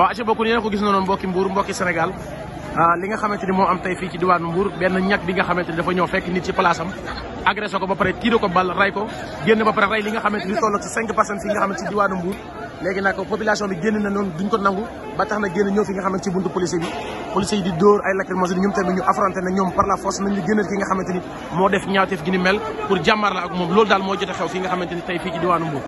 waaw aca bokku yéena ko gis noonu mbokki Mbour mbokki Sénégal ah, li nga xamante moo am tey fii ci diwaanu Mbour benn ñag bi nga xamante dafa ñëw am agressé ko ba pare tiire ko bal ray ko génn ba pare ray fii nga xamante ci buntu police bi police yi di dóor ay lacrymogène ñoom tamit ñu affronté na ñoom par la force nañu génnal ki nga xamante moo def ñaawteef gi ni mel pour jàmmaar la ak moom loolu daal moo jot a xew fi nga xamante tey fii ci diwaanu Mbour